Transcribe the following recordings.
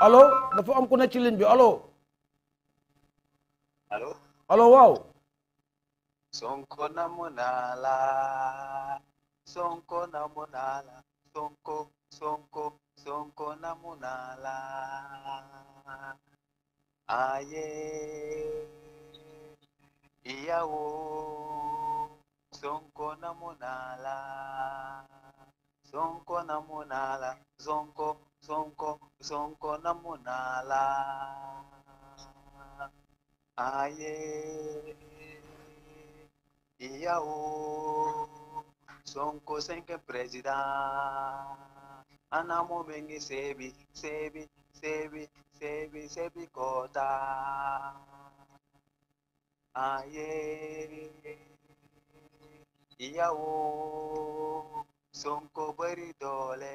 alo dafa am ku ne ci ligne bi allo. alo allo waaw. Sonko namu naa Sonko namu naa Sonko Sonko Sonko namu naa la ayé Sonko namu naa la. sonko namunala sonko sonko sonko namunala aye iyawo sonko senke president anamo mengi sebi sebi sebi sebi sebi kota aye iyawo Sonko bëri doole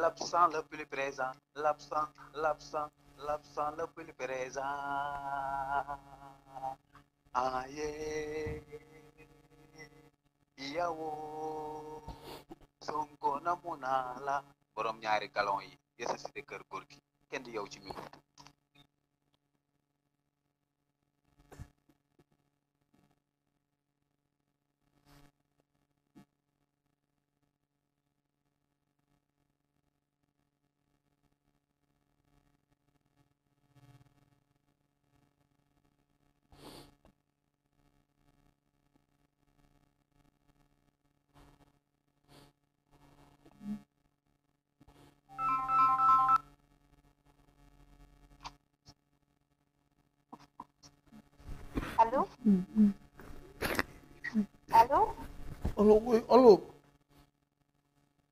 l'absent le plus présent l'absent l'absent l'absent le plus présent aye yow Sonko namu naa la borom ñaari galon yi yéesa si de kër góor gi kenn di yow ci micro Allô allô. allô oui allô.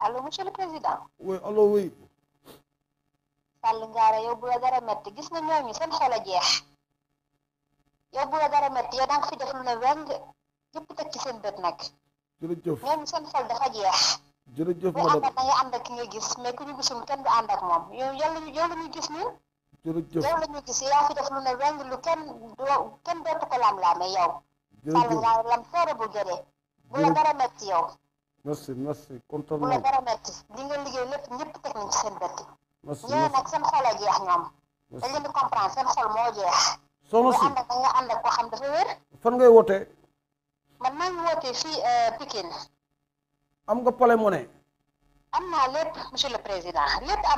allô monsieur le président. oui allô oui. Sall Ngaara yow bu la dara metti gis na ñooñu seen xol a jeex yow bu la dara metti yow da nga fi def lu ne weng ñëpp teg ci seen bët nag. jërëjëf ñooñu seen xol dafa jeex. jërëjëf madame bu ànd ak da nga ànd ak ki nga gis mais ku ñu gisul kenn du ànd ak moom yow yow la ñu gis ñun. jërëjëf yow la ñu gis yaa fi def lu ne weng lu la dara la dara metti li nga liggéey lépp ñëpp teg nañ ci seen bët. merci ñooñu nag a jeex ñoom. dañ leen di comprendre seen xol moo si nga ànd ak nga xam dafa wér. fan ngay wootee. man maa ngi wootee fii euh, am nga pale mu ne. am naa lépp monsieur le président lépp